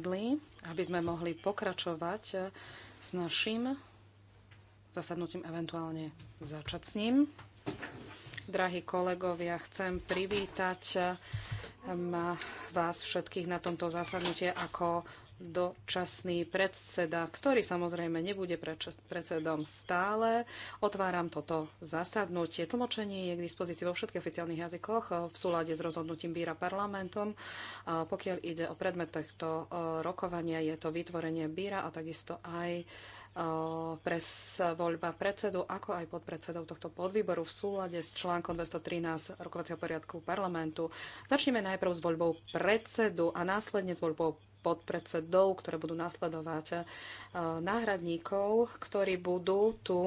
zvládli, aby sme mohli pokračovať eh, s našim zasadnutím, eventuálne začať s ním. Drahí kolegovia, chcem privítať eh, vás všetkých na tomto zasadnutie ako dočasný predseda, ktorý samozrejme nebude predsedom stále. Otváram toto zasadnutie. Tlmočenie je k dispozícii vo všetkých oficiálnych jazykoch eh, v súlade s rozhodnutím Bíra parlamentom. Pokiaľ ide o predmet tohto eh, rokovania, je to vytvorenie Bíra a takisto aj eh, pres voľba predsedu, ako aj podpredsedov tohto podvýboru v súlade s článkom 213 rokovacieho poriadku parlamentu. Začneme najprv s voľbou predsedu a následne s voľbou podpredsedov, ktoré budú nasledovať eh, náhradníkov, ktorí budú tu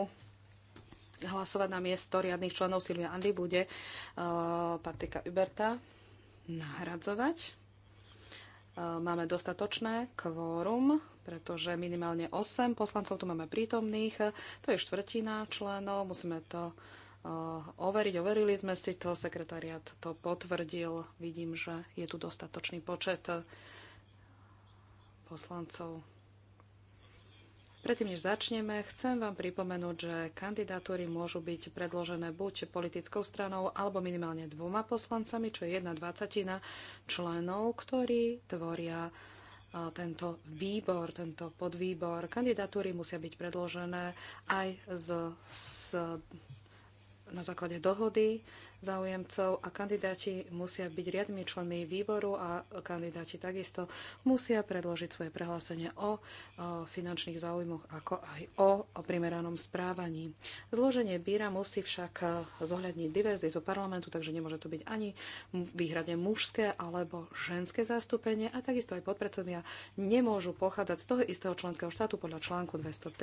hlasovať na miesto riadných členov. Silvia Andy bude eh, Patrika Uberta nahradzovať. Eh, máme dostatočné kvórum, pretože minimálne 8 poslancov tu máme prítomných. To je štvrtina členov, musíme to overiť. Overili sme si to, sekretariat to potvrdil. Vidím, že je tu dostatočný počet poslancov. Predtým, než začneme, chcem vám pripomenúť, že kandidatúry môžu byť predložené buď politickou stranou alebo minimálne dvoma poslancami, čo je jedna dvacatina členov, ktorí tvoria tento výbor, tento podvýbor. Kandidatúry musia byť predložené aj z, z, na základe dohody záujemcov a kandidáti musia byť riadmi členmi výboru a kandidáti takisto musia predložiť svoje prehlásenie o, finančných záujmoch ako aj o, primeranom správaní. Zloženie bíra musí však e, zohľadniť diverzitu parlamentu, takže nemôže to byť ani výhradne mužské alebo ženské zastúpenie a takisto aj podpredsedovia nemôžu pochádzať z toho istého členského štátu podľa článku 213.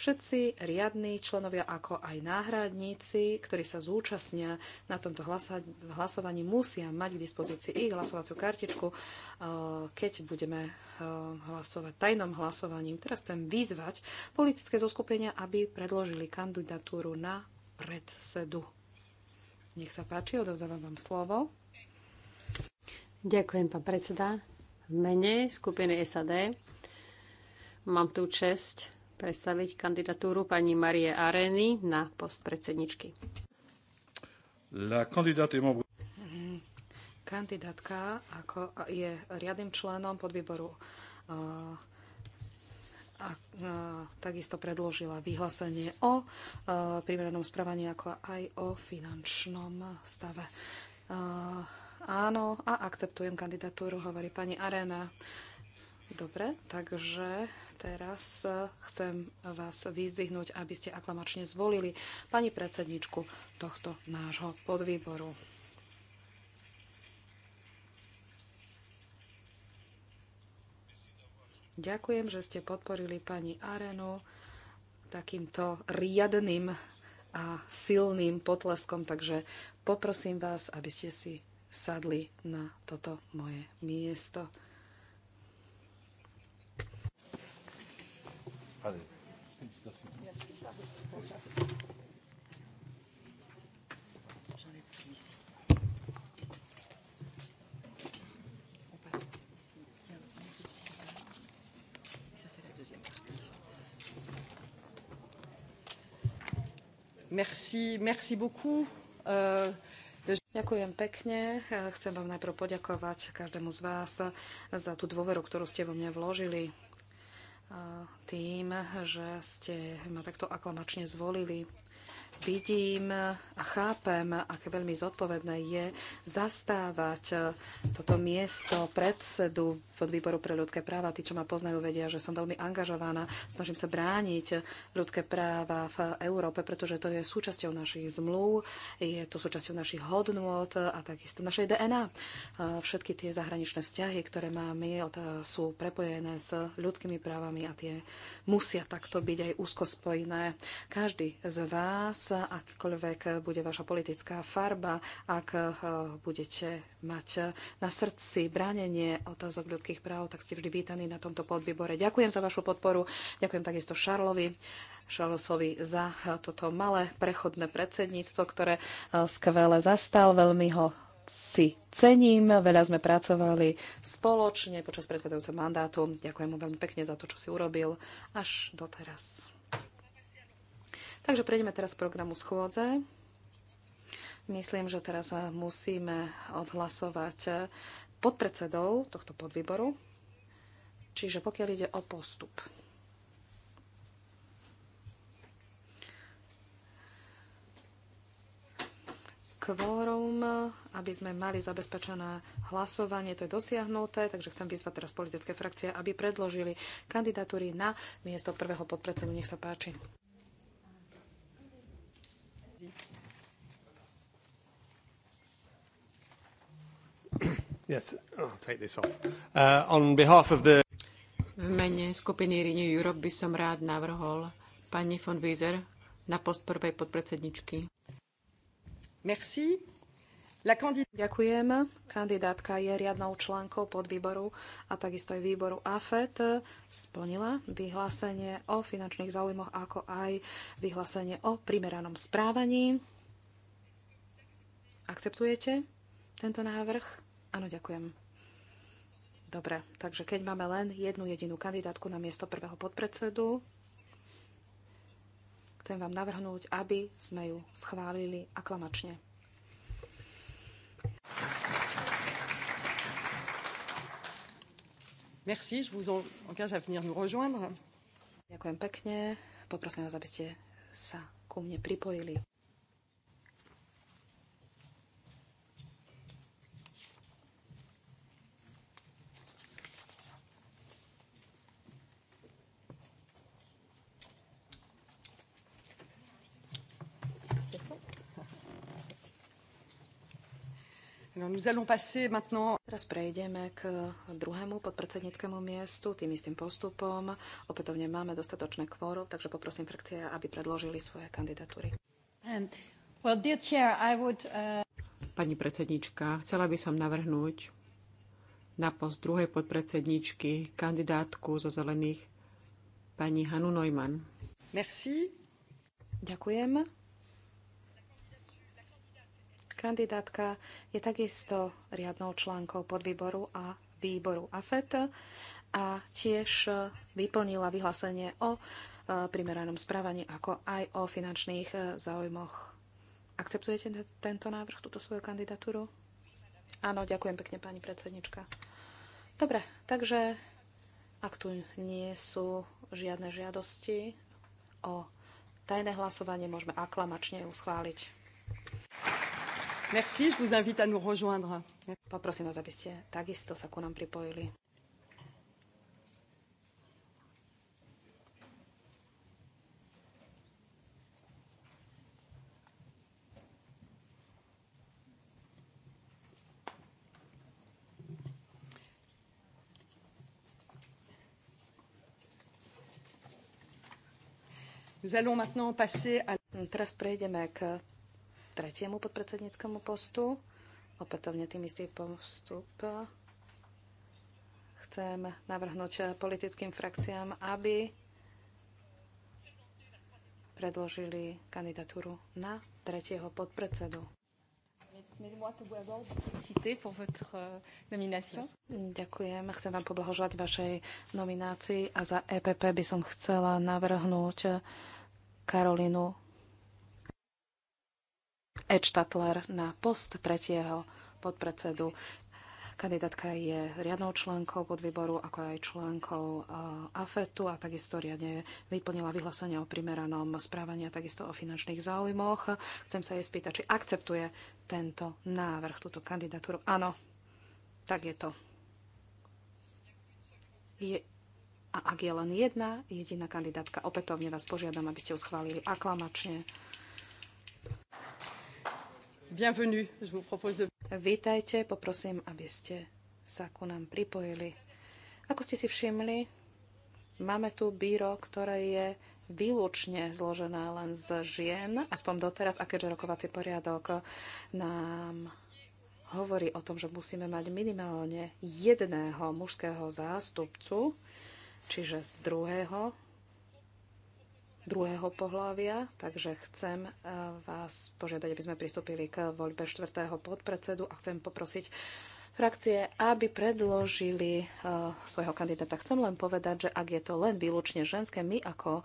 Všetci riadni členovia ako aj náhradníci, ktorí sa zúčastnia na tomto hlasovaní musia mať k dispozícii ich hlasovaciu kartičku, e, keď budeme e, hlasovať tajnom hlasovaním. Teraz chcem vyzvať politické zoskupenia, aby predložili kandidatúru na predsedu. Nech sa páči, odovzávam vám slovo. Ďakujem, pán predseda. V mene skupiny SAD mám tú čest predstaviť kandidatúru pani Marie Areny na post predsedničky. La candidate est membre... Kandidátka ako je riadnym členom podvýboru uh, a, e, takisto predložila vyhlásenie o e, primeranom správaní ako aj o finančnom stave. áno, a akceptujem kandidatúru, hovorí pani Arena. Dobre, takže teraz e, chcem vás vyzdvihnúť, aby ste aklamačne zvolili pani predsedničku tohto nášho podvýboru. Ďakujem, že ste podporili pani Arenu takýmto riadným a silným potleskom, takže poprosím vás, aby ste si sadli na toto moje miesto. Allez. Merci, merci beaucoup. Euh, Ďakujem pekne. Chcem vám najprv poďakovať každému z vás za tú dôveru, ktorú ste vo mne vložili tým, že ste ma takto aklamačne zvolili. Vidím a chápem, aké veľmi zodpovedné je zastávať toto miesto predsedu podvýboru pre ľudské práva. Tí, čo ma poznajú, vedia, že som veľmi angažovaná. Snažím sa brániť ľudské práva v Európe, pretože to je súčasťou našich zmluv, je to súčasťou našich hodnôt a takisto našej DNA. Všetky tie zahraničné vzťahy, ktoré máme, sú prepojené s ľudskými právami a tie musia takto byť aj úzko spojené. Každý z vás, akýkoľvek bude vaša politická farba, ak e, budete mať na srdci bránenie otázok ľudských práv, tak ste vždy vítaní na tomto podvýbore. Ďakujem za vašu podporu, ďakujem takisto Šarlovi. Šarlosovi za toto malé prechodné predsedníctvo, ktoré e, skvele zastal. Veľmi ho si cením. Veľa sme pracovali spoločne počas predchádzajúceho mandátu. Ďakujem mu veľmi pekne za to, čo si urobil až doteraz. Takže prejdeme teraz k programu schôdze. Myslím, že teraz eh, musíme odhlasovať eh, podpredsedov tohto podvýboru. Čiže pokiaľ ide o postup. kvórum, aby sme mali zabezpečené hlasovanie, to je dosiahnuté, takže chcem vyzvať teraz politické frakcie, aby predložili kandidatúry na miesto prvého podpredsedu. Nech sa páči. Yes, I'll oh, take this off. Uh, on behalf of the... V mene skupiny Renew Europe by som rád navrhol pani von Wieser na post prvej podpredsedničky. Merci. La Ďakujem. Kandidátka je riadnou článkou podvýboru a takisto aj výboru AFET. Splnila vyhlásenie o finančných záujmoch, ako aj vyhlásenie o primeranom správaní. Akceptujete? tento návrh? Áno, ďakujem. Dobre, takže keď máme len jednu jedinú kandidátku na miesto prvého podpredsedu, chcem vám navrhnúť, aby sme ju schválili aklamačne. Merci, je vous engage à venir nous rejoindre. Ďakujem pekne. Poprosím vás, aby ste sa ku mne pripojili. No, Teraz prejdeme k druhému podpredsedníckému miestu tým istým postupom. Opätovne máme dostatočné kvóru, takže poprosím frakcie, aby predložili svoje kandidatúry. Uh, pani predsednička, chcela by som navrhnúť na post druhej podpredsedničky kandidátku zo zelených pani Hanu Neumann. Merci. Ďakujem kandidátka je takisto riadnou článkou podvýboru a výboru AFET a tiež vyplnila vyhlásenie o e, primeranom správaní, ako aj o finančných e, záujmoch. Akceptujete tento návrh, túto svoju kandidatúru? Áno, ďakujem pekne, pani predsednička. Dobre, takže ak tu nie sú žiadne žiadosti o tajné hlasovanie, môžeme aklamačne ju schváliť. Merci, je vous invite à nous rejoindre. Poprosím vás, aby ste takisto sa ku nám pripojili. Nous allons maintenant passer à... Teraz prejdeme k tretiemu podpredsedníckému postu. Opätovne tým istý postup. Chcem navrhnúť politickým frakciám, aby predložili kandidatúru na tretieho podpredsedu. Ďakujem. Chcem vám poblahoželať vašej nominácii a za EPP by som chcela navrhnúť Karolinu Edštatler na post tretieho podpredsedu. Kandidátka je riadnou členkou podvýboru, ako aj členkou eh, AFETu a takisto riadne vyplnila vyhlásenie o primeranom správaní a takisto o finančných záujmoch. Chcem sa jej spýtať, či akceptuje tento návrh, túto kandidatúru. Áno, tak je to. Je, a ak je len jedna jediná kandidátka, opätovne vás požiadam, aby ste ju schválili aklamačne. Bienvenue. Vítajte, poprosím, aby ste sa ku nám pripojili. Ako ste si všimli, máme tu bíro, ktoré je výlučne zložené len z žien, aspoň doteraz, a keďže rokovací poriadok nám hovorí o tom, že musíme mať minimálne jedného mužského zástupcu, čiže z druhého druhého pohlavia. takže chcem eh, vás požiadať, aby sme pristúpili k voľbe štvrtého podpredsedu a chcem poprosiť frakcie, aby predložili eh, svojho kandidáta. Chcem len povedať, že ak je to len výlučne ženské, my ako eh,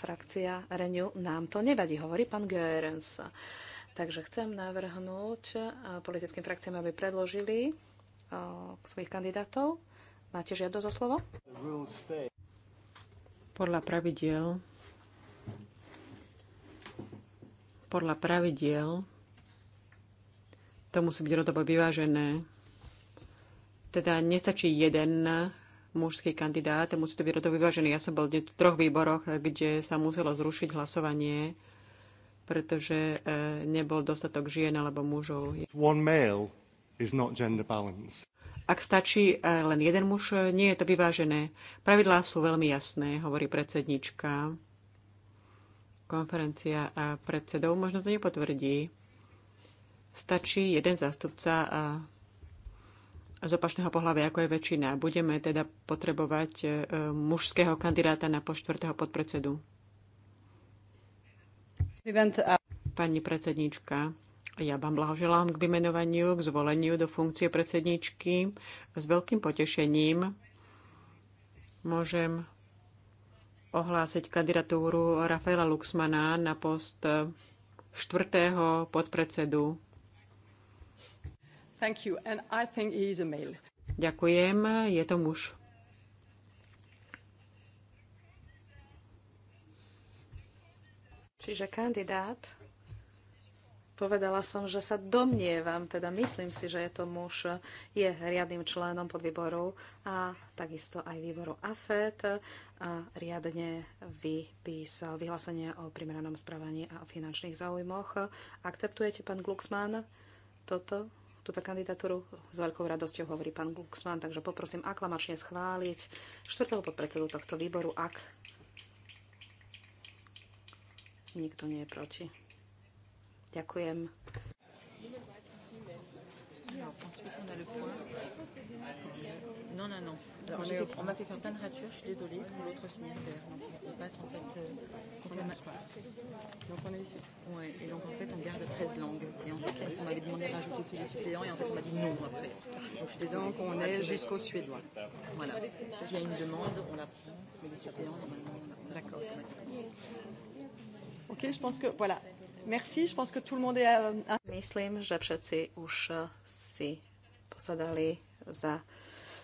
frakcia Renew nám to nevadí, hovorí pán Goerens. Takže chcem navrhnúť politickým frakciám, aby predložili svojich kandidátov. Máte žiadosť o slovo? Podľa pravidiel podľa pravidiel to musí byť rodovo vyvážené. Teda nestačí jeden mužský kandidát, musí to byť rodovo vyvážené. Ja som bol v troch výboroch, kde sa muselo zrušiť hlasovanie, pretože e, nebol dostatok žien alebo mužov. One male is not gender balance. Ak stačí e, len jeden muž, e, nie je to vyvážené. Pravidlá sú veľmi jasné, hovorí predsednička. Konferencia a e, predsedov možno to nepotvrdí. Stačí jeden zástupca a z opačného pohľavy, ako je väčšina. Budeme teda potrebovať mužského kandidáta na poštvrtého podpredsedu. Pani predsedníčka, ja vám blahoželám k vymenovaniu, k zvoleniu do funkcie predsedničky. S veľkým potešením môžem ohlásiť kandidatúru Rafaela Luxmana na post eh, štvrtého podpredsedu. Thank you. And I think he is a male. Ďakujem, je to muž. Čiže kandidát Povedala som, že sa domnievam, teda myslím si, že je to muž, je riadnym členom podvýboru a takisto aj výboru AFET a riadne vypísal vyhlásenie o primeranom správaní a o finančných záujmoch. Akceptujete, pán Glucksmann, toto? túto kandidatúru s veľkou radosťou hovorí pán Glucksmann, takže poprosím aklamačne schváliť štvrtého podpredsedu tohto výboru, ak nikto nie je proti. Ďakujem. Non, non, non. Alors, on m'a fait faire plein de ratures, je suis désolée, pour l'autre signataire. Donc, on passe en fait. Euh, on Donc, on est ici. Ouais, et donc en fait, on garde 13 langues. Et en fait, qu'on demandé de rajouter celui suppléant, et en fait, on m'a dit non après. Donc, je suis désolée. Donc, on est jusqu'au suédois. Voilà. S'il y a une demande, on la prend, mais les suppléants, normalement, on D'accord. Ok, je pense que. Voilà. Merci, je pense que tout le monde est... Myslím, že všetci už eh, si posadali za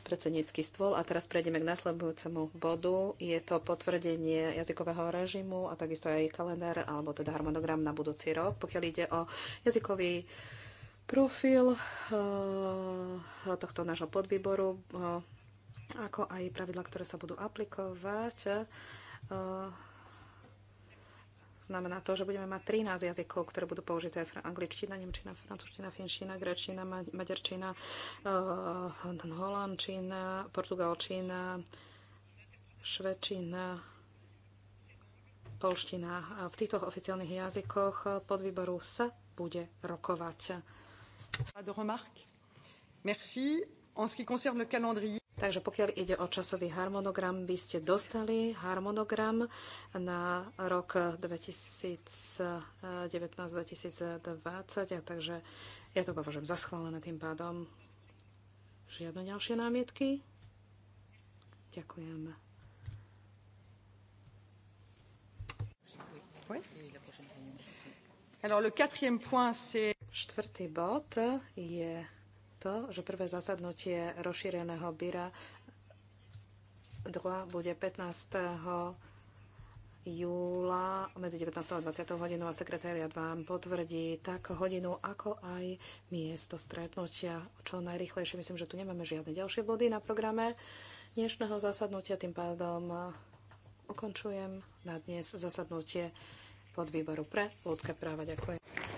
predsednícky stôl a teraz prejdeme k nasledujúcemu bodu. Je to potvrdenie jazykového režimu a takisto aj kalendár alebo teda harmonogram na budúci rok. Pokiaľ ide o jazykový profil eh, tohto nášho podvýboru, eh, ako aj pravidla, ktoré sa budú aplikovať, Znamená to, že budeme mať 13 jazykov, ktoré budú použité angličtina, nemčina, francúzština, finčina, grečina, maďarčina, uh, holandčina, portugalčina, švečina, polština. A v týchto oficiálnych jazykoch podvýboru sa bude rokovať. Merci. En ce qui concerne le calendrier, Takže pokiaľ ide o časový harmonogram, by ste dostali harmonogram na rok 2019-2020, a takže ja to považujem za schválené tým pádom. Žiadne ďalšie námietky? Ďakujem. Štvrtý bod je to, že prvé zasadnutie rozšíreného byra druhá bude 15 júla medzi 19. a 20. hodinou a sekretariat vám potvrdí tak hodinu, ako aj miesto stretnutia. Čo najrychlejšie, myslím, že tu nemáme žiadne ďalšie body na programe dnešného zasadnutia, tým pádom ukončujem na dnes zasadnutie podvýboru pre ľudské práva. Ďakujem.